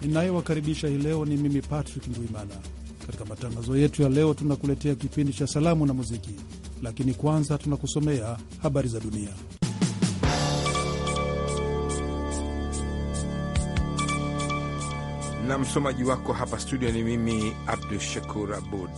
ninayewakaribisha hii leo ni mimi Patrick Ndwimana. Katika matangazo yetu ya leo, tunakuletea kipindi cha salamu na muziki, lakini kwanza tunakusomea habari za dunia. na msomaji wako hapa studio ni mimi Abdu Shakur Abud.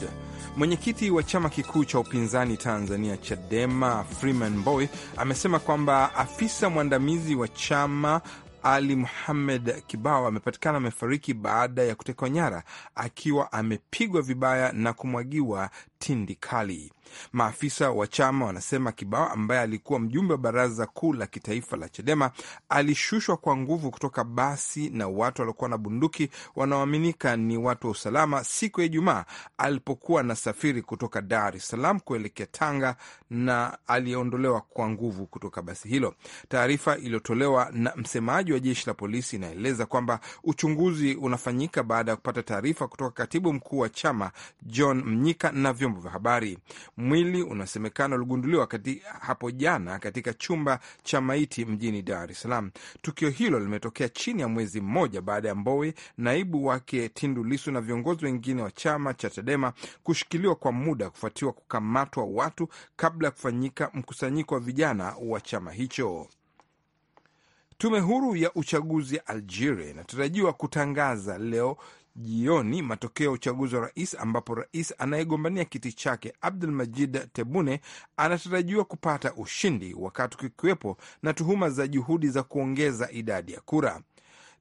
Mwenyekiti wa chama kikuu cha upinzani Tanzania, Chadema, Freeman Mbowe amesema kwamba afisa mwandamizi wa chama ali Muhamed kibao amepatikana amefariki baada ya kutekwa nyara akiwa amepigwa vibaya na kumwagiwa tindikali. Maafisa wa chama wanasema Kibao, ambaye alikuwa mjumbe wa baraza kuu la kitaifa la Chadema, alishushwa kwa nguvu kutoka basi na watu waliokuwa na bunduki wanaoaminika ni watu wa usalama siku ya Ijumaa alipokuwa anasafiri kutoka Dar es Salaam kuelekea Tanga, na aliondolewa kwa nguvu kutoka basi hilo. Taarifa iliyotolewa na msemaji wa jeshi la polisi inaeleza kwamba uchunguzi unafanyika baada ya kupata taarifa kutoka katibu mkuu wa chama John Mnyika na vyombo vya habari. Mwili unasemekana uligunduliwa hapo jana katika chumba cha maiti mjini Dar es Salaam. Tukio hilo limetokea chini ya mwezi mmoja baada ya Mbowe, naibu wake Tindu Lisu na viongozi wengine wa chama cha Chadema kushikiliwa kwa muda kufuatiwa kukamatwa watu kabla ya kufanyika mkusanyiko wa vijana wa chama hicho. Tume huru ya uchaguzi ya Algeria inatarajiwa kutangaza leo jioni matokeo ya uchaguzi wa rais ambapo rais anayegombania kiti chake Abdul Majid Tebune anatarajiwa kupata ushindi, wakati kukiwepo na tuhuma za juhudi za kuongeza idadi ya kura.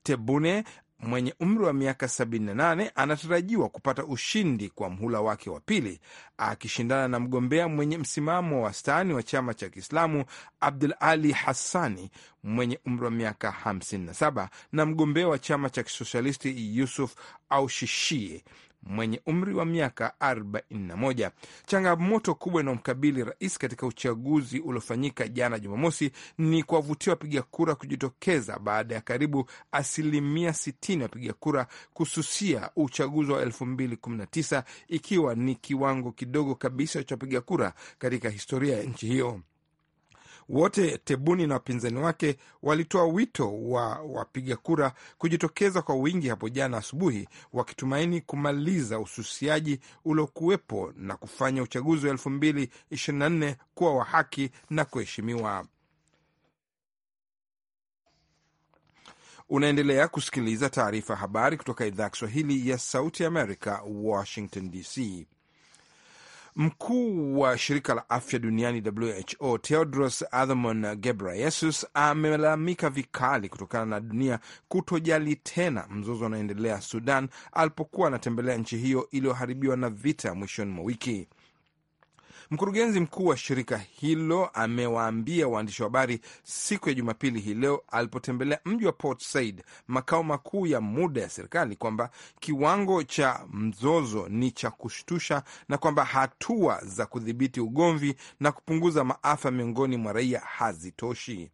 Tebune mwenye umri wa miaka 78 anatarajiwa kupata ushindi kwa mhula wake wa pili akishindana na mgombea mwenye msimamo wa wastani wa chama cha Kiislamu Abdul Ali Hassani mwenye umri wa miaka 57 na mgombea wa chama cha Kisosialisti Yusuf Aushishie mwenye umri wa miaka 41. Changamoto kubwa inayomkabili rais katika uchaguzi uliofanyika jana Jumamosi ni kuwavutia wapiga kura kujitokeza baada ya karibu asilimia 60 wapiga kura kususia uchaguzi wa 2019 ikiwa ni kiwango kidogo kabisa cha wapiga kura katika historia ya nchi hiyo. Wote Tebuni na wapinzani wake walitoa wito wa wapiga kura kujitokeza kwa wingi hapo jana asubuhi, wakitumaini kumaliza ususiaji uliokuwepo na kufanya uchaguzi wa 2024 kuwa wa haki na kuheshimiwa. Unaendelea kusikiliza taarifa ya habari kutoka idhaa ya Kiswahili ya Sauti ya Amerika, Washington DC. Mkuu wa shirika la afya duniani WHO Tedros Adhanom Ghebreyesus amelalamika vikali kutokana na dunia kutojali tena mzozo unaoendelea Sudan, alipokuwa anatembelea nchi hiyo iliyoharibiwa na vita mwishoni mwa wiki. Mkurugenzi mkuu wa shirika hilo amewaambia waandishi wa habari siku ya Jumapili hii leo alipotembelea mji wa Port Said, makao makuu ya muda ya serikali, kwamba kiwango cha mzozo ni cha kushtusha na kwamba hatua za kudhibiti ugomvi na kupunguza maafa miongoni mwa raia hazitoshi.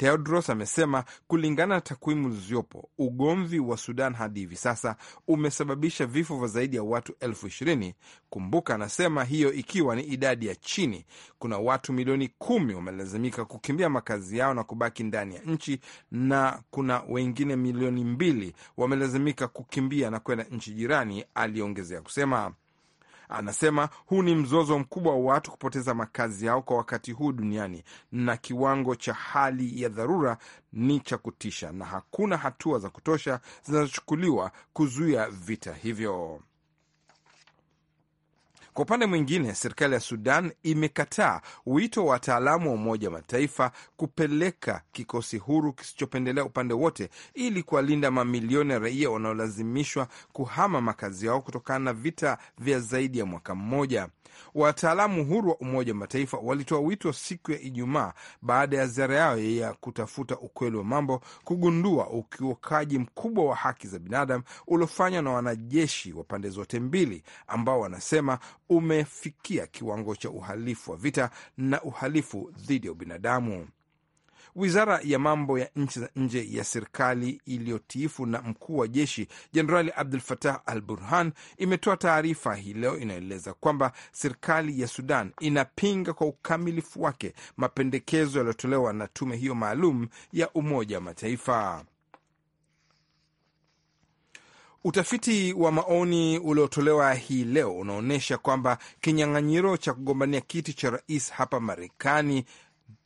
Tedros amesema kulingana na takwimu zilizopo, ugomvi wa Sudan hadi hivi sasa umesababisha vifo vya zaidi ya watu elfu ishirini. Kumbuka, anasema hiyo ikiwa ni idadi ya chini. Kuna watu milioni kumi wamelazimika kukimbia makazi yao na kubaki ndani ya nchi, na kuna wengine milioni mbili wamelazimika kukimbia na kwenda nchi jirani, aliongezea kusema. Anasema huu ni mzozo mkubwa wa watu kupoteza makazi yao kwa wakati huu duniani, na kiwango cha hali ya dharura ni cha kutisha, na hakuna hatua za kutosha zinazochukuliwa kuzuia vita hivyo. Kwa upande mwingine, serikali ya Sudan imekataa wito wa wataalamu wa Umoja wa Mataifa kupeleka kikosi huru kisichopendelea upande wote ili kuwalinda mamilioni ya raia wanaolazimishwa kuhama makazi yao kutokana na vita vya zaidi ya mwaka mmoja. Wataalamu huru wa Umoja wa Mataifa walitoa wito siku ya Ijumaa baada ya ziara yao ya kutafuta ukweli wa mambo kugundua ukiukaji mkubwa wa haki za binadamu uliofanywa na wanajeshi wa pande zote mbili ambao wanasema umefikia kiwango cha uhalifu wa vita na uhalifu dhidi ya ubinadamu. Wizara ya mambo ya nchi za nje ya serikali iliyotiifu na mkuu wa jeshi Jenerali Abdul Fatah al Burhan imetoa taarifa hii leo inaeleza kwamba serikali ya Sudan inapinga kwa ukamilifu wake mapendekezo yaliyotolewa na tume hiyo maalum ya Umoja wa Mataifa. Utafiti wa maoni uliotolewa hii leo unaonyesha kwamba kinyang'anyiro cha kugombania kiti cha rais hapa Marekani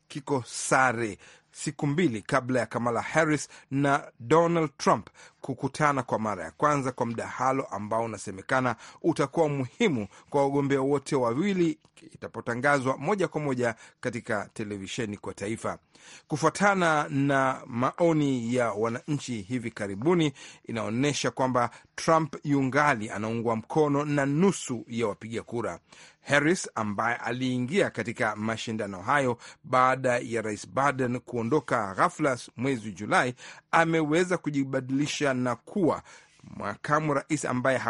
kiko sare siku mbili kabla ya Kamala Harris na Donald Trump kukutana kwa mara ya kwanza kwa mdahalo ambao unasemekana utakuwa muhimu kwa wagombea wote wawili itapotangazwa moja kwa moja katika televisheni kwa taifa. Kufuatana na maoni ya wananchi hivi karibuni, inaonyesha kwamba Trump yungali anaungwa mkono na nusu ya wapiga kura. Harris ambaye aliingia katika mashindano hayo baada ya rais Biden kuondoka ghafla mwezi Julai, ameweza kujibadilisha na kuwa makamu rais ambaye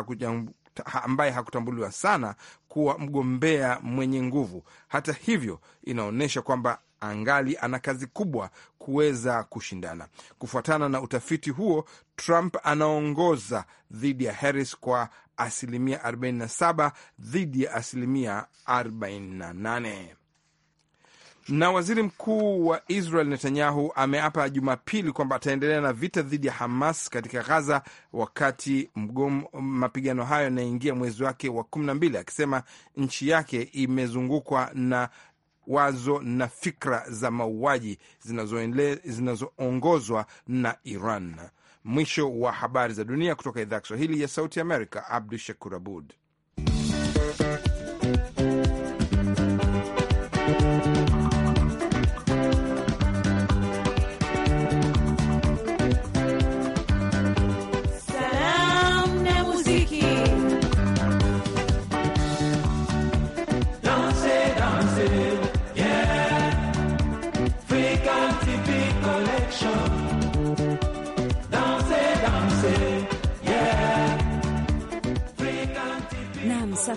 ambaye hakutambuliwa sana kuwa mgombea mwenye nguvu. Hata hivyo, inaonyesha kwamba angali ana kazi kubwa kuweza kushindana. Kufuatana na utafiti huo, Trump anaongoza dhidi ya Harris kwa asilimia 47 dhidi ya asilimia 48. Na waziri mkuu wa Israel Netanyahu ameapa Jumapili kwamba ataendelea na vita dhidi ya Hamas katika ghaza wakati mgomo, mapigano hayo yanaingia mwezi wake wa mbili, akisema nchi yake imezungukwa na wazo na fikra za mauaji zinazoongozwa na Iran. Mwisho wa habari za dunia kutoka idhaa ya Kiswahili ya Sauti Amerika. Abdu Shakur Abud.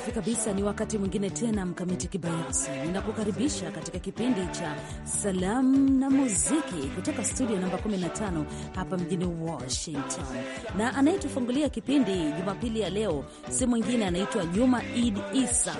safi kabisa. Ni wakati mwingine tena, Mkamiti Kibayasi, ninakukaribisha katika kipindi cha salamu na muziki kutoka studio namba 15 hapa mjini Washington, na anayetufungulia kipindi Jumapili ya leo si mwingine, anaitwa Juma Idi Isa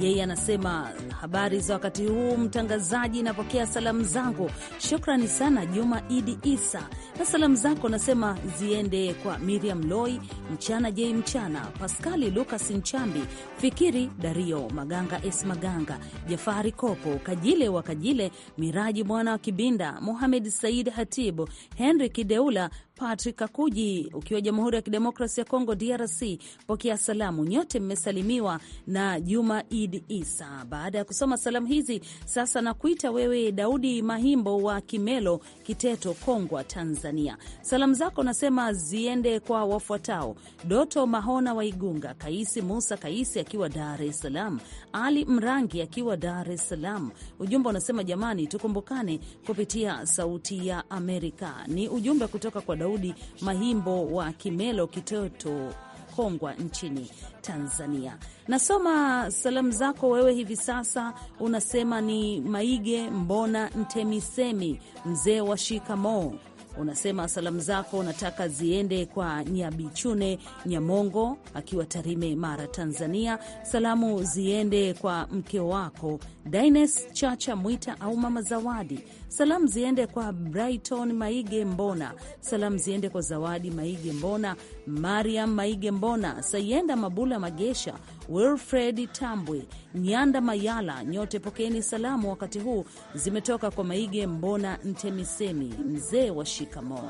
yeye anasema habari za wakati huu, mtangazaji, napokea salamu zangu. Shukrani sana Juma Idi Isa, na salamu zako nasema ziende kwa Miriam Loi, Mchana Jei, Mchana Paskali, Lukas Nchambi, Fikiri Dario, Maganga Es Maganga, Jafari Kopo, Kajile wa Kajile, Miraji mwana wa Kibinda, muhamed Said Hatibu, Henri Kideula, Patrick Kakuji ukiwa Jamhuri ya Kidemokrasi ya Kongo DRC, pokea salamu. Nyote mmesalimiwa na Juma Id Isa. Baada ya kusoma salamu hizi, sasa nakuita wewe Daudi Mahimbo wa Kimelo, Kiteto, Kongwa, Tanzania. Salamu zako nasema ziende kwa wafuatao: Doto Mahona wa Igunga, Kaisi Musa Kaisi akiwa Dar es Salaam, Ali Mrangi akiwa Dar es Salaam. Ujumbe unasema jamani, tukumbukane kupitia Sauti ya Amerika. Ni ujumbe kutoka kwa Daudi Daudi Mahimbo wa Kimelo Kitoto Kongwa nchini Tanzania. Nasoma salamu zako wewe hivi sasa, unasema ni Maige Mbona Ntemisemi, mzee wa shikamoo. Unasema salamu zako unataka ziende kwa Nyabichune Nyamongo akiwa Tarime, Mara, Tanzania. Salamu ziende kwa mke wako Dines Chacha Mwita au Mama Zawadi. Salamu ziende kwa Brighton Maige Mbona, salamu ziende kwa Zawadi Maige Mbona, Mariam Maige Mbona, Sayenda Mabula Magesha, Wilfred Tambwe, Nyanda Mayala, nyote pokeni salamu wakati huu, zimetoka kwa Maige Mbona Ntemisemi, mzee wa shikamoo.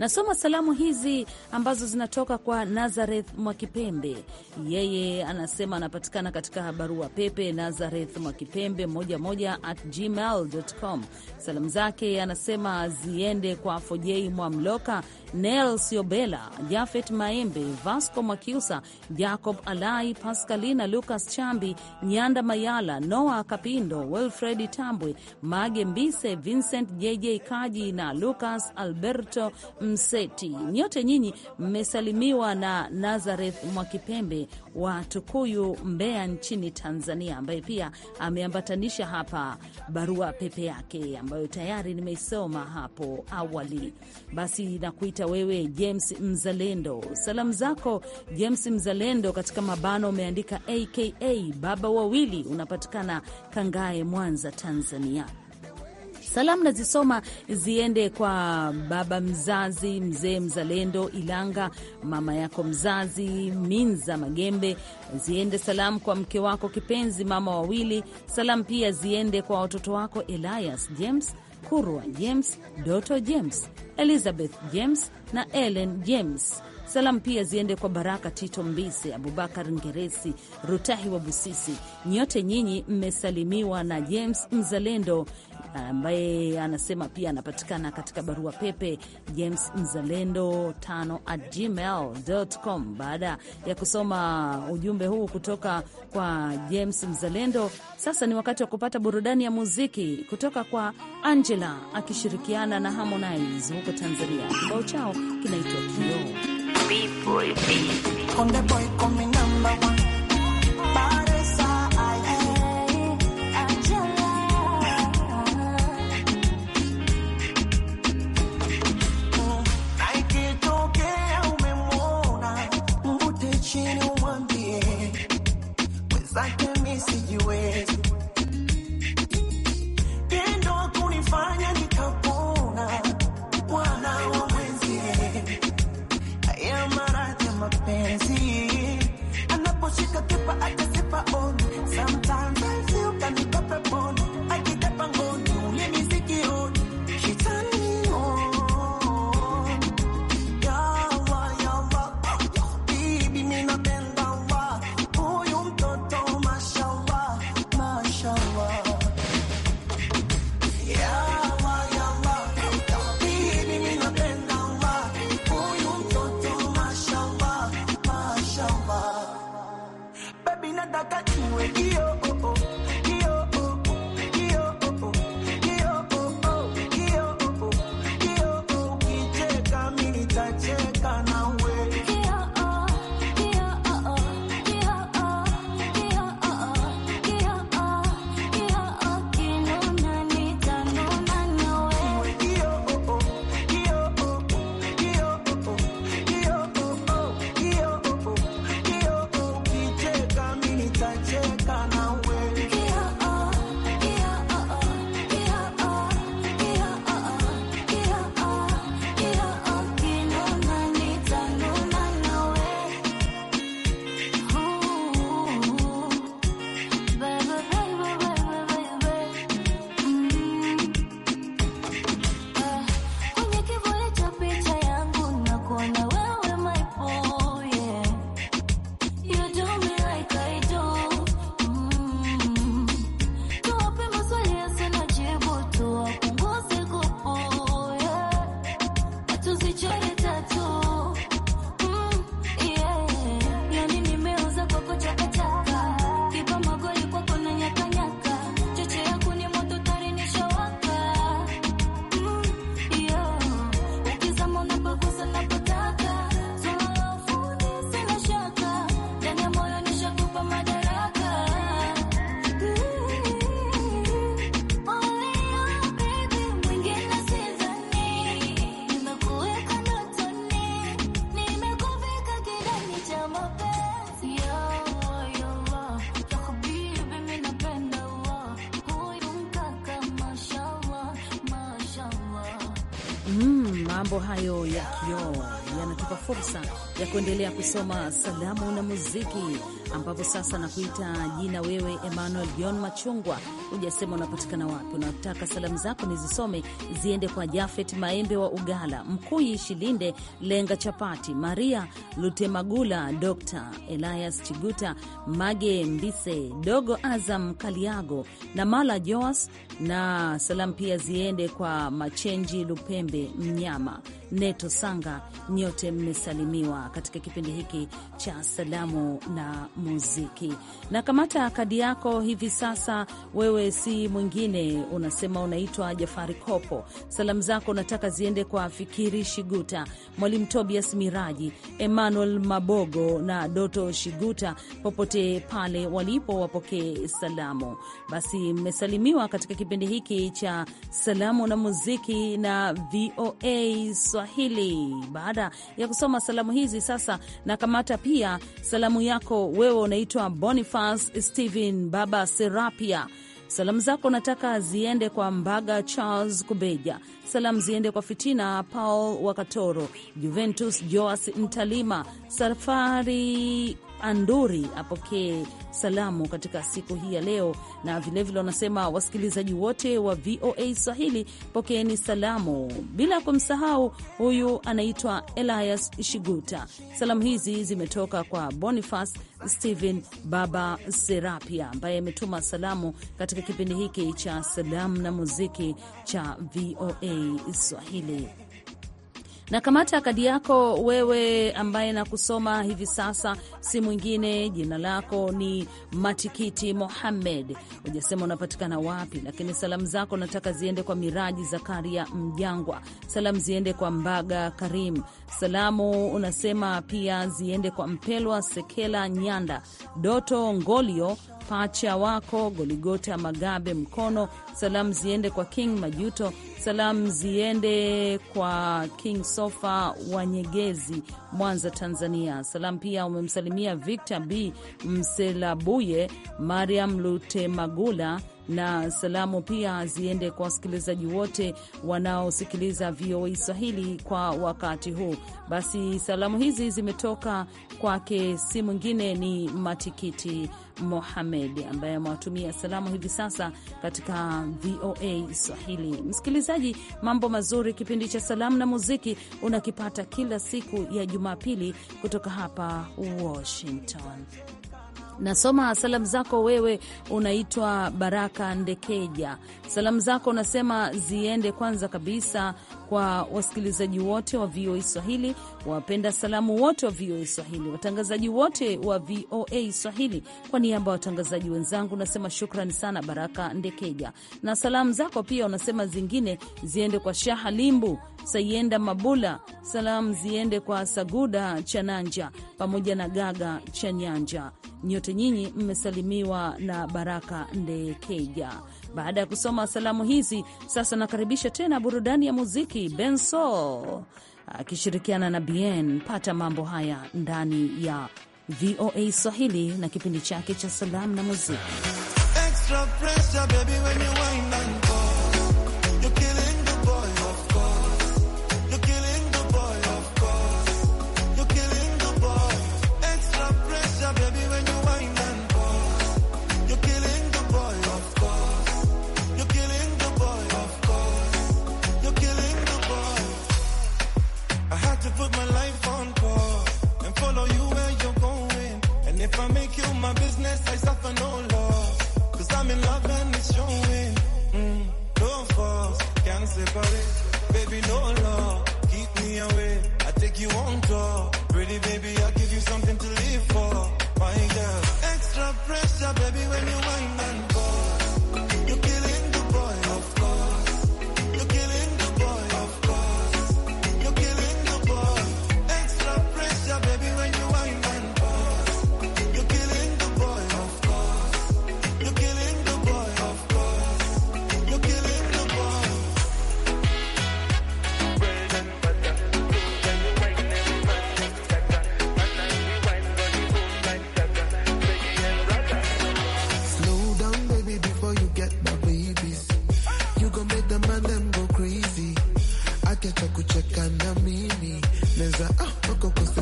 Nasoma salamu hizi ambazo zinatoka kwa Nazareth Mwakipembe. Yeye anasema anapatikana katika barua pepe Nazareth Mwakipembe moja moja at gmail.com. Salamu zake anasema ziende kwa Fojei Mwamloka, Nel Siobela, Jafet Maembe, Vasco Mwakiusa, Jacob Alai, Pascalina Lucas Chambi, Nyanda Mayala, noa Kapindo, Wilfredi Tambwe, Mage Mbise, Vincent JJ Kaji na Lucas Alberto M Mseti, nyote nyinyi mmesalimiwa na Nazareth Mwakipembe wa Tukuyu, Mbeya nchini Tanzania, ambaye pia ameambatanisha hapa barua pepe yake ambayo tayari nimeisoma hapo awali. Basi nakuita wewe James Mzalendo, salamu zako James Mzalendo katika mabano umeandika aka baba wawili, unapatikana Kangae, Mwanza, Tanzania. Salamu nazisoma ziende kwa baba mzazi mzee mzalendo Ilanga, mama yako mzazi Minza Magembe, ziende salamu kwa mke wako kipenzi mama wawili. Salamu pia ziende kwa watoto wako Elias James, Kurwa James, Doto James, Elizabeth James na Ellen James. Salamu pia ziende kwa Baraka Tito Mbise, Abubakar Ngeresi, Rutahi wa Busisi. Nyote nyinyi mmesalimiwa na James Mzalendo ambaye anasema pia anapatikana katika barua pepe James Mzalendo tano at gmail.com. Baada ya kusoma ujumbe huu kutoka kwa James Mzalendo, sasa ni wakati wa kupata burudani ya muziki kutoka kwa Angela akishirikiana na Harmonize huko Tanzania. Kibao chao kinaitwa Kioo. hayo ya kioo yanatupa fursa ya kuendelea kusoma salamu na muziki, ambapo sasa nakuita jina wewe Emmanuel John Machungwa hujasema unapatikana wapi. Unataka salamu zako nizisome, ziende kwa Jafet Maembe wa Ugala, Mkuyi Shilinde, Lenga Chapati, Maria Lutemagula, Dr Elias Chiguta, Mage Mbise, Dogo Azam Kaliago na Mala Joas, na salamu pia ziende kwa Machenji Lupembe Mnyama, Neto Sanga, nyote mmesalimiwa katika kipindi hiki cha salamu na muziki. Na kamata kadi yako hivi sasa wewe wewe si mwingine, unasema unaitwa Jafari Kopo. Salamu zako nataka ziende kwa Fikiri Shiguta, Mwalimu Tobias Miraji, Emmanuel Mabogo na Doto Shiguta, popote pale walipo wapokee salamu. Basi mmesalimiwa katika kipindi hiki cha salamu na muziki na VOA Swahili. Baada ya kusoma salamu hizi, sasa nakamata pia salamu yako wewe, unaitwa Boniface stehen Baba Serapia Salamu zako nataka ziende kwa Mbaga Charles Kubeja, salamu ziende kwa Fitina Paul Wakatoro, Juventus Joas Mtalima, Safari Anduri apokee salamu katika siku hii ya leo, na vilevile wanasema vile wasikilizaji wote wa VOA Swahili pokeeni salamu, bila kumsahau huyu anaitwa Elias Shiguta. Salamu hizi zimetoka kwa Boniface Stephen Baba Serapia ambaye ametuma salamu katika kipindi hiki cha salamu na muziki cha VOA Swahili. Na kamata kadi yako wewe, ambaye nakusoma hivi sasa, si mwingine, jina lako ni Matikiti Mohamed. ujasema unapatikana wapi, lakini salamu zako nataka ziende kwa Miraji Zakaria Mjangwa, salamu ziende kwa Mbaga Karim, salamu unasema pia ziende kwa Mpelwa Sekela Nyanda, Doto Ngolio Pacha wako Goligote Magabe Mkono. Salamu ziende kwa King Majuto, salamu ziende kwa King Sofa Wanyegezi, Mwanza, Tanzania. Salamu pia umemsalimia Victor B Mselabuye, Mariam Lutemagula na salamu pia ziende kwa wasikilizaji wote wanaosikiliza VOA e Swahili kwa wakati huu. Basi salamu hizi zimetoka kwake, si mwingine ni Matikiti Mohamed ambaye amewatumia salamu hivi sasa katika VOA e Swahili. Msikilizaji, mambo mazuri, kipindi cha salamu na muziki unakipata kila siku ya Jumapili kutoka hapa Washington. Nasoma salamu zako, wewe unaitwa Baraka Ndekeja. Salamu zako unasema ziende kwanza kabisa kwa wasikilizaji wote wa VOA Swahili, wapenda salamu wote wa VOA Swahili, watangazaji wote wa VOA Swahili. Kwa niaba ya watangazaji wenzangu nasema shukrani sana, Baraka ndekeja na salamu zako pia unasema zingine ziende kwa Shaha Limbu, Sayenda Mabula, salamu ziende kwa Saguda Chananja pamoja na Gaga Chanyanja. Nyote nyinyi mmesalimiwa na Baraka ndekeja baada ya kusoma salamu hizi, sasa nakaribisha tena burudani ya muziki Benso akishirikiana na Bien. Pata mambo haya ndani ya VOA Swahili na kipindi chake cha salamu na muziki Extra pressure, baby, when you If I make you my business, I suffer no loss. Cause I'm in love and it's showing. Mm, don't force, can't separate. Baby, no law, keep me away. I take you on tour. Pretty baby, I'll give you something to live for. My girl, extra pressure, baby, when you wind and unamini neza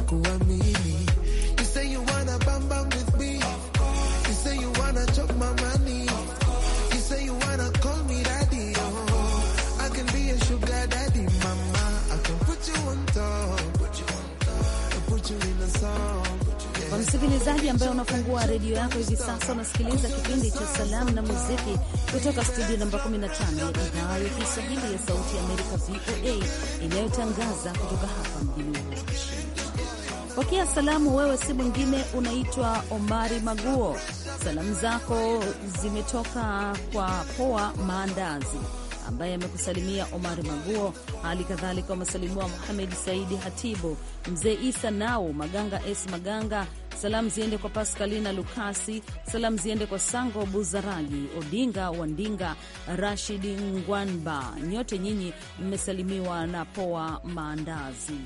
going you say you wanna bam bam with me you say you wanna my money you say you wanna call me daddy oh. I can be sugar daddy mama I can put you on top put you in the song Msikilizaji ambaye unafungua redio yako hivi sasa, unasikiliza kipindi cha Salamu na Muziki kutoka studio namba 15 ya idhaa ya Kiswahili ya Sauti ya Amerika, VOA, inayotangaza kutoka hapa mjini Pokea salamu. Wewe si mwingine, unaitwa Omari Maguo. Salamu zako zimetoka kwa Poa Maandazi ambaye amekusalimia omari Maguo. Hali kadhalika wamesalimiwa Muhamed Saidi Hatibu, Mzee Isa Nau Maganga, S Maganga. Salamu ziende kwa Paskalina Lukasi. Salamu ziende kwa Sango Buzaragi, Odinga Wandinga, Rashid Ngwanba. Nyote nyinyi mmesalimiwa na Poa Maandazi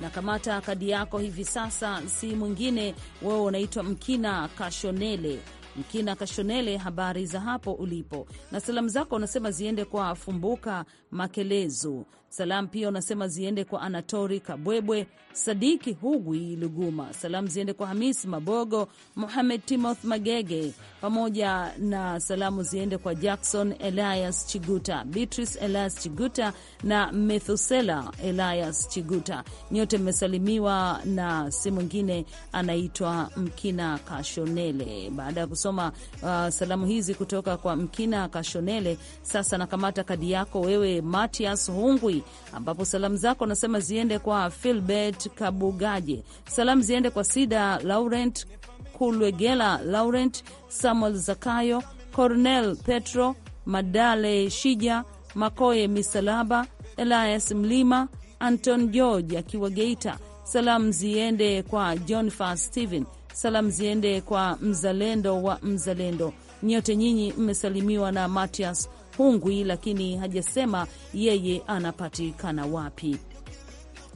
na kamata kadi yako hivi sasa, si mwingine wewe unaitwa Mkina Kashonele Mkina Kashonele, habari za hapo ulipo, na salamu zako unasema ziende kwa Fumbuka Makelezu, Salamu pia unasema ziende kwa Anatori Kabwebwe, Sadiki Hugwi Luguma. Salamu ziende kwa Hamis Mabogo, Muhamed Timoth Magege, pamoja na salamu ziende kwa Jackson Elias Chiguta, Beatrice Elias Chiguta na Methusela Elias Chiguta. Nyote mmesalimiwa na si mwingine anaitwa Mkina Kashonele. Baada ya kusoma uh, salamu hizi kutoka kwa Mkina Kashonele, sasa nakamata kadi yako wewe, Matias Hungwi ambapo salamu zako nasema ziende kwa Filbert Kabugaje, salamu ziende kwa Sida Laurent Kulwegela, Laurent Samuel Zakayo, Cornel Petro Madale, Shija Makoye, Misalaba Elias Mlima, Anton George akiwa Geita. Salamu ziende kwa John Fas Steven, salamu ziende kwa mzalendo wa mzalendo. Nyote nyinyi mmesalimiwa na Matias Pungwi, lakini hajasema yeye anapatikana wapi.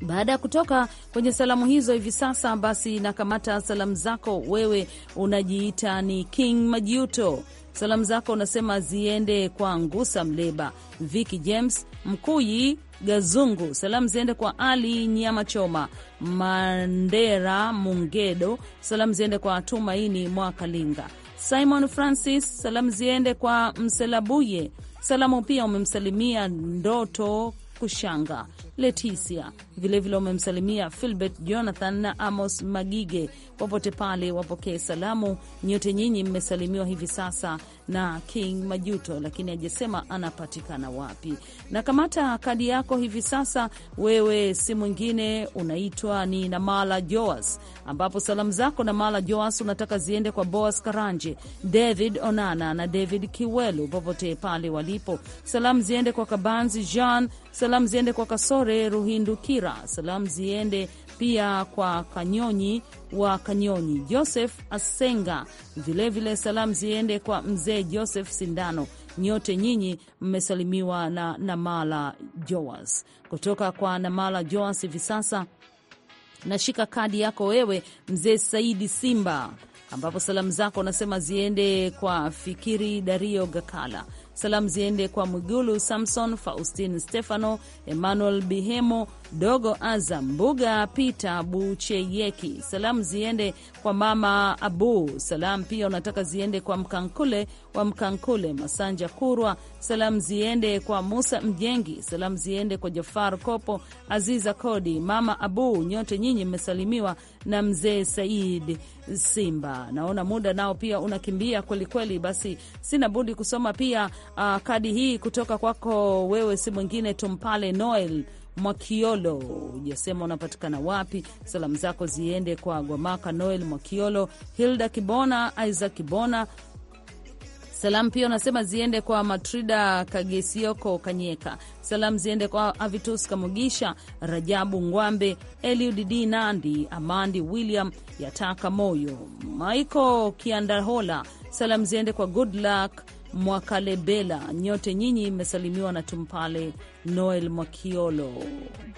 Baada ya kutoka kwenye salamu hizo, hivi sasa basi nakamata salamu zako. Wewe unajiita ni King Majuto. Salamu zako unasema ziende kwa Ngusa Mleba, Viki James Mkuyi Gazungu. Salamu ziende kwa Ali Nyama Choma, Mandera Mungedo. Salamu ziende kwa Tumaini Mwakalinga, Simon Francis. Salamu ziende kwa Mselabuye Salamu pia umemsalimia Ndoto Kushanga Leticia. Vilevile wamemsalimia Filbert Jonathan na Amos Magige. Popote pale wapokee salamu. Nyote nyinyi mmesalimiwa hivi sasa na King Majuto, lakini hajasema anapatikana wapi. Na kamata kadi yako hivi sasa, wewe si mwingine, unaitwa ni Namala Joas, ambapo salamu zako Namala Joas unataka ziende kwa Boas Karanje, David Onana na David Kiwelu popote pale walipo. Salamu ziende kwa Kabanzi Jean, salamu ziende kwa Kasoro Kayore Ruhindukira. Salamu ziende pia kwa Kanyonyi wa Kanyonyi, Joseph Asenga. Vilevile salamu ziende kwa mzee Joseph Sindano. Nyote nyinyi mmesalimiwa na Namala Joas. Kutoka kwa Namala Joas hivi sasa nashika kadi yako wewe, mzee Saidi Simba, ambapo salamu zako nasema ziende kwa Fikiri Dario Gakala Salamu ziende kwa Mwigulu Samson, Faustin Stefano, Emmanuel Bihemo, Dogo Azam Mbuga pita Bucheyeki. Salamu ziende kwa mama Abu. Salamu pia unataka ziende kwa Mkankule wa Mkankule Masanja Kurwa. Salamu ziende kwa Musa Mjengi. Salamu ziende kwa Jafar Kopo, Aziza Kodi, mama Abu. Nyote nyinyi mmesalimiwa na mzee Said Simba. Naona muda nao pia unakimbia kwelikweli, basi sina budi kusoma pia uh, kadi hii kutoka kwako wewe, si mwingine Tumpale Noel Mwakiolo, ujasema unapatikana wapi. Salamu zako ziende kwa Gwamaka Noel Mwakiolo, Hilda Kibona, Isaac Kibona. Salamu pia unasema ziende kwa Matrida Kagesioko Kanyeka. Salamu ziende kwa Avitus Kamugisha, Rajabu Ngwambe, Eliud D Nandi, Amandi William Yataka Moyo, Michael Kiandahola. Salamu ziende kwa Goodluck Mwakalebela, nyote nyinyi mmesalimiwa na Tumpale Noel Mwakiolo.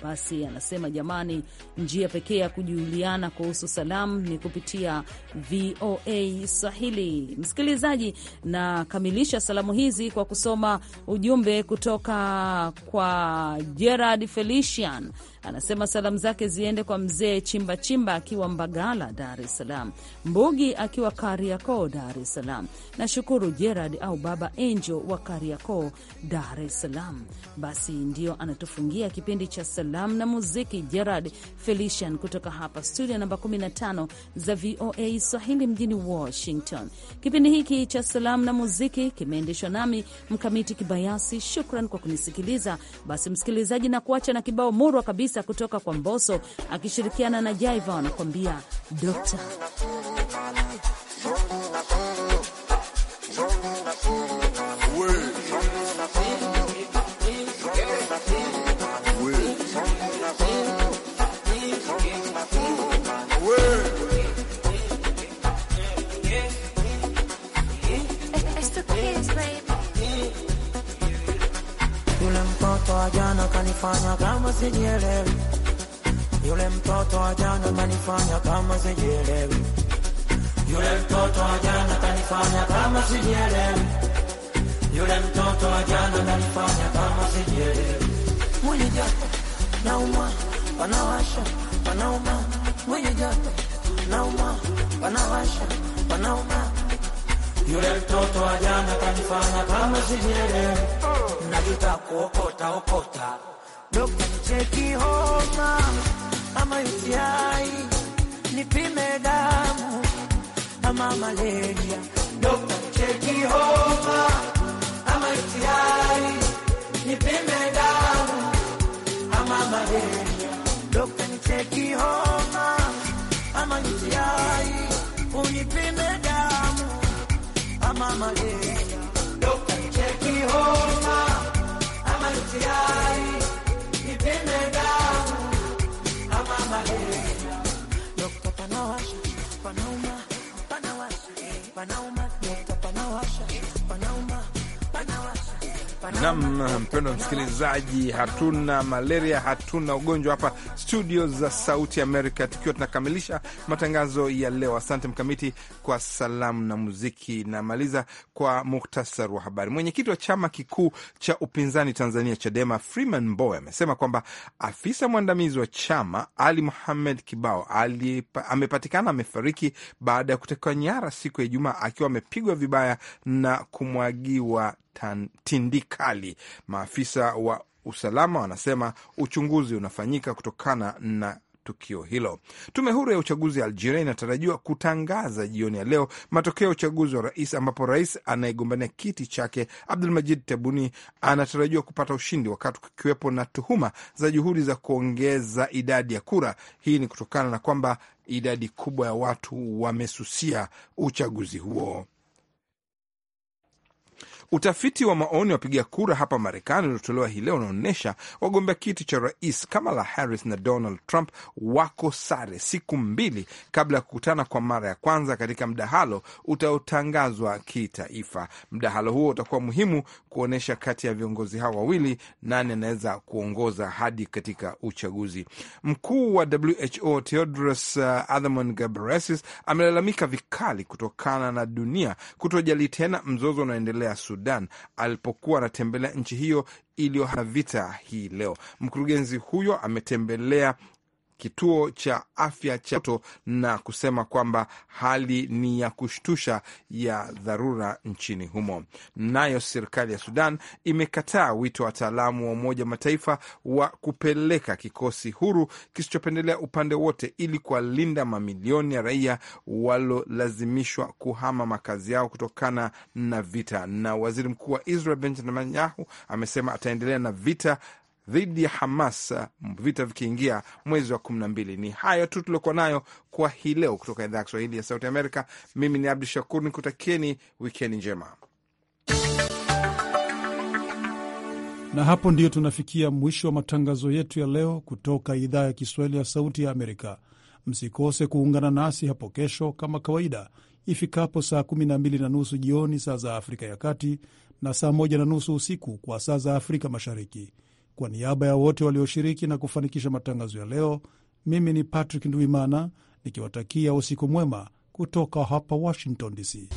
Basi anasema jamani, njia pekee ya kujuliana kuhusu salamu ni kupitia VOA Swahili. Msikilizaji, nakamilisha salamu hizi kwa kusoma ujumbe kutoka kwa Gerard Felician. Anasema salamu zake ziende kwa mzee Chimba Chimba akiwa Mbagala, Dar es Salaam, Mbugi akiwa Kariakoo, Dar es Salaam. Nashukuru Gerard au Baba Enjo wa Kariakoo, Dar es Salaam. Basi ndio anatufungia kipindi cha salamu na muziki Gerard Felician kutoka hapa studio namba 15 za VOA Swahili mjini Washington. Kipindi hiki cha salamu na muziki kimeendeshwa nami Mkamiti Kibayasi. Shukran kwa kunisikiliza. Basi msikilizaji, na kuacha na kibao murwa kabisa kutoka kwa Mboso akishirikiana na Jaiva wanakuambia Dokta. sijielewi, yule mtoto wa jana kanifanya kama sijielewi, yule mtoto wa jana kanifanya kama sijielewi, yule mtoto wa jana kanifanya kama sijielewi. Mwili joto nauma, wanawasha wanauma, mwili joto nauma, wanawasha wanauma yule mtoto wa jana kanifanya kama sijielewi, najuta kuokota okota Dokta cheki homa ama UTI, nipime damu ama malaria. Dokta, cheki homa ama UTI, nipime damu ama malaria. Dokta, nicheki homa ama UTI, unipime damu ama malaria. Dokta, cheki homa ama UTI panauma, panawasha, panauma, nyota panawasha, panauma Nam mpendwa msikilizaji, hatuna malaria, hatuna ugonjwa hapa studio za Sauti Amerika, tukiwa tunakamilisha matangazo ya leo. Asante Mkamiti kwa salamu na muziki. Namaliza kwa muktasar wa habari. Mwenyekiti wa chama kikuu cha upinzani Tanzania Chadema Freeman Mbowe amesema kwamba afisa mwandamizi wa chama Ali Muhamed Kibao amepatikana amefariki baada ya kutekwa nyara siku ya Ijumaa akiwa amepigwa vibaya na kumwagiwa tindikali. Maafisa wa usalama wanasema uchunguzi unafanyika kutokana na tukio hilo. Tume huru ya uchaguzi ya Algeria inatarajiwa kutangaza jioni ya leo matokeo ya uchaguzi wa rais, ambapo rais anayegombania kiti chake Abdulmajid tebuni anatarajiwa kupata ushindi, wakati kukiwepo na tuhuma za juhudi za kuongeza idadi ya kura. Hii ni kutokana na kwamba idadi kubwa ya watu wamesusia uchaguzi huo. Utafiti wa maoni wapiga kura hapa Marekani uliotolewa hii leo unaonyesha wagombea kiti cha rais Kamala Harris na Donald Trump wako sare, siku mbili kabla ya kukutana kwa mara ya kwanza katika mdahalo utaotangazwa kitaifa. Mdahalo huo utakuwa muhimu kuonyesha kati ya viongozi hao wawili nani anaweza kuongoza hadi katika uchaguzi mkuu. Wa WHO Tedros uh, Adhanom Ghebreyesus amelalamika vikali kutokana na dunia kutojali tena mzozo unaoendelea Sudan alipokuwa anatembelea nchi hiyo iliyo na vita hii leo. Mkurugenzi huyo ametembelea kituo cha afya cha toto na kusema kwamba hali ni ya kushtusha ya dharura nchini humo. Nayo serikali ya Sudan imekataa wito wa wataalamu wa Umoja wa Mataifa wa kupeleka kikosi huru kisichopendelea upande wote ili kuwalinda mamilioni ya raia walolazimishwa kuhama makazi yao kutokana na vita. Na waziri mkuu wa Israel Benjamin Netanyahu amesema ataendelea na vita dhidi ya Hamas vita vikiingia mwezi wa kumi na mbili. Ni hayo tu tuliokuwa nayo kwa hii leo kutoka idhaa ya Kiswahili ya Sauti Amerika. Mimi ni Abdu Shakur nikutakieni wikendi njema. Na hapo ndiyo tunafikia mwisho wa matangazo yetu ya leo kutoka idhaa ya Kiswahili ya Sauti ya Amerika. Msikose kuungana nasi hapo kesho kama kawaida ifikapo saa 12 na nusu jioni saa za Afrika ya Kati na saa 1 na nusu usiku kwa saa za Afrika Mashariki. Kwa niaba ya wote walioshiriki na kufanikisha matangazo ya leo, mimi ni Patrick nduimana nikiwatakia usiku mwema kutoka hapa Washington DC.